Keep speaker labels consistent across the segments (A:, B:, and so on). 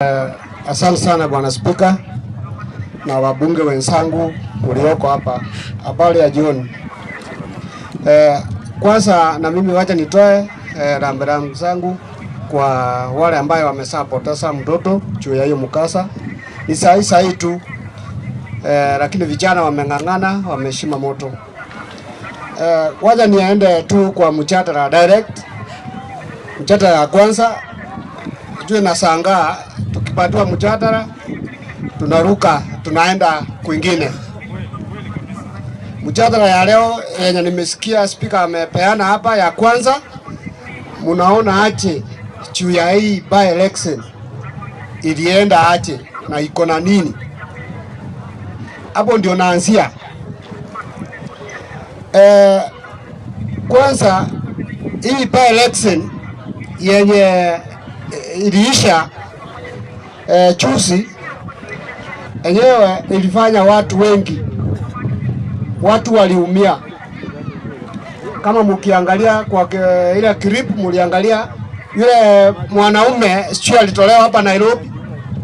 A: Uh, asante sana Bwana Spika na wabunge wenzangu ulioko hapa, habari ya jioni. Uh, kwanza na mimi wacha nitoe eh, rambirambi uh, zangu kwa wale ambayo wameshapoteza mtoto juu ya hiyo mkasa. Ni sahi sahi tu uh, lakini vijana wameng'ang'ana, wameshima moto. Eh, waja niende tu kwa mjadala direct. Mjadala ya kwanza tujue na sangaa, tukipatiwa mjadala tunaruka tunaenda kwingine. Mjadala ya leo yenye nimesikia spika amepeana hapa, ya kwanza munaona aje juu ya hii by election ilienda aje na iko na nini? Hapo ndio naanzia. E, kwanza hii by election yenye iliisha e, eh, chusi enyewe ilifanya watu wengi, watu waliumia. Kama mkiangalia kwa ile clip, mliangalia yule mwanaume sio, alitolewa hapa Nairobi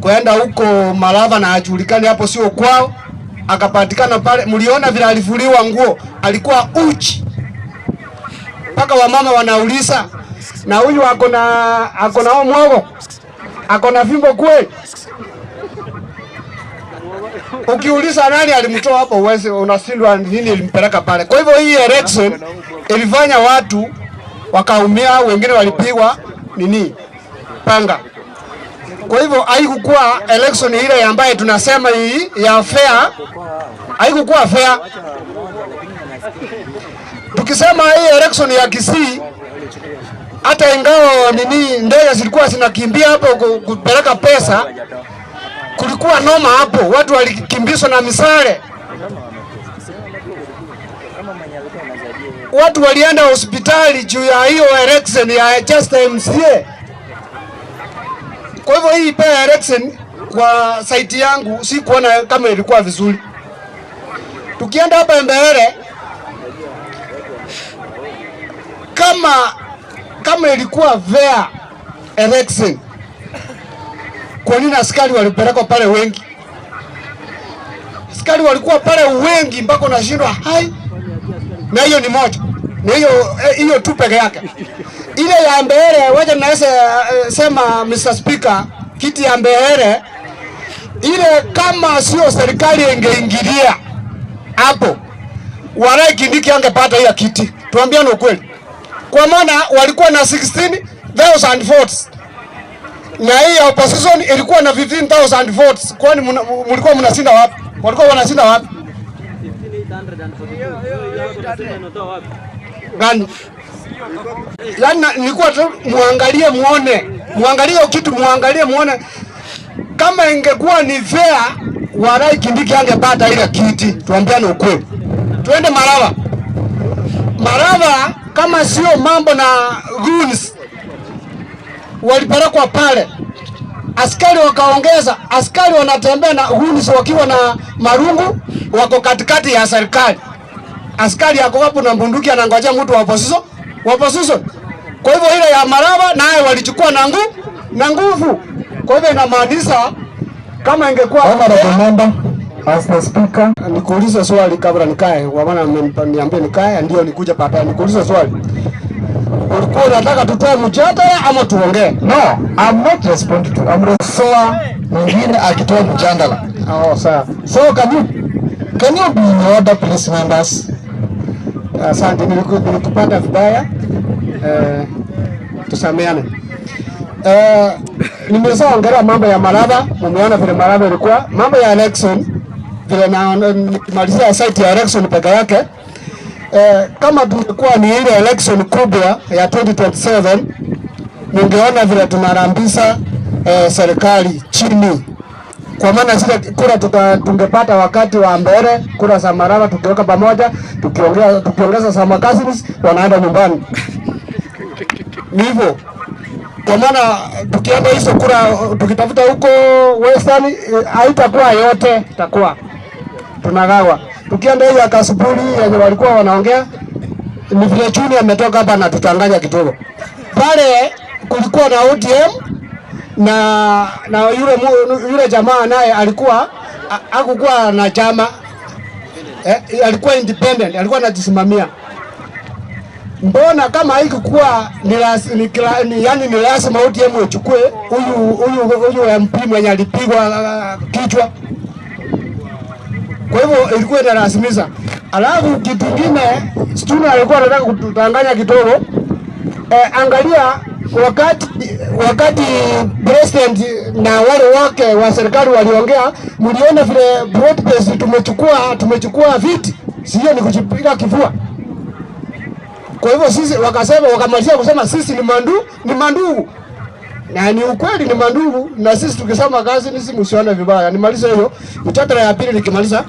A: kwenda huko Malava na ajulikani hapo, sio kwao, akapatikana pale. Mliona vile alivuliwa nguo, alikuwa uchi mpaka wamama wanauliza na huyu ako na ako na mwogo ako na fimbo kwe. Ukiuliza nani alimtoa hapo, uwezi unashindwa nini ilimpeleka pale. Kwa hivyo hii election ilifanya watu wakaumia, wengine walipigwa nini panga. Kwa hivyo haikukuwa election ile ambaye tunasema hii ya fair, haikukuwa fair. Tukisema hii election ya Kisii hata ingawa nini ndege zilikuwa zinakimbia hapo kupeleka pesa, kulikuwa noma hapo, watu walikimbizwa na misale, watu walienda hospitali juu ya hiyo election ya Chester MCA. Kwa hivyo hii pa election kwa saiti yangu si kuona kama ilikuwa vizuri. Tukienda hapa mbele kama kama ilikuwa vea election, kwa nini askari walipelekwa pale wengi? Askari walikuwa pale wengi mpaka unashindwa hai. Na hiyo ni moja, na hiyo eh, hiyo tu peke yake. Ile ya mbele, wacha naweza eh, sema Mr. Speaker, kiti ya mbele ile, kama sio serikali ingeingilia hapo, Warai Kindiki angepata hiyo kiti. Tuambiane ukweli kwa maana walikuwa na 16,000 votes na hii ya opposition ilikuwa na 15,000 votes. Kwani mlikuwa mnashinda wapi? Walikuwa wanashinda wapi? Gani? Yaani nilikuwa tu muangalie muone, muangalie kitu, muangalie muone kama ingekuwa ni fair Warai Kindiki angepata ile kiti, tuambiane ukweli. Tuende Maraba. Maraba kama sio mambo na goons walipelekwa pale, askari wakaongeza askari, wanatembea na goons wakiwa na marungu, wako katikati ya serikali. Askari yako hapo na bunduki, anangojea mtu wa posizo wa posizo. Kwa hivyo ile ya maraba naye walichukua na nguvu na nguvu. Kwa hivyo inamaanisha kama ingekuwa
B: Mr. Speaker, nikuuliza swali kabla nikae, kwa maana mmeniambia nikae, ndio nikuja baadaye. Nikuuliza swali. Ulikuwa unataka tutoe mjadala ama tuongee? No, I'm not responding to. I'm resoa mwingine akitoa mjadala. Oh, sawa. So can you can you be in order please members? Asante, uh, nilikupata vibaya. Eh, tusameane. Eh, uh, nimeshaongelea mambo ya Malava, mumeona vile Malava ilikuwa. Mambo ya election vile nikimalizia site ya election peke yake eh, kama tungekuwa ni ile election kubwa ya 2027 ningeona vile tunarambisa eh, serikali chini, kwa maana zile kura tuka, tungepata wakati wa mbele kura za Maraba tukiweka pamoja, tukiongea tukiongeza sama cousins wanaenda nyumbani hivyo kwa maana tukienda hizo kura tukitafuta huko Western eh, haitakuwa yote itakuwa tunagawa. Tukienda hiyo akasuburi yenye walikuwa wanaongea ni vile chuni ametoka hapa na tutanganya kidogo. Pale kulikuwa na ODM na na yule yule jamaa naye alikuwa hakukuwa na chama eh, alikuwa independent, alikuwa anajisimamia. Mbona kama haikukuwa ni ni, ni yani ni lazima ODM ichukue huyu huyu huyu MP mwenye alipigwa uh, kichwa kwa hivyo ilikuwa inarasimiza. Alafu kitu kingine Stuna alikuwa anataka kututanganya kidogo. e, angalia wakati wakati president na wale wake wa serikali waliongea, mliona vile broadcast tumechukua tumechukua viti, sio ni kujipiga kifua. Kwa hivyo sisi wakasema, wakamalizia kusema sisi ni mandu ni mandugu na ni ukweli, ni mandugu, na sisi tukisema kazi nisi, msione vibaya. Nimaliza hiyo mtatara ya pili nikimaliza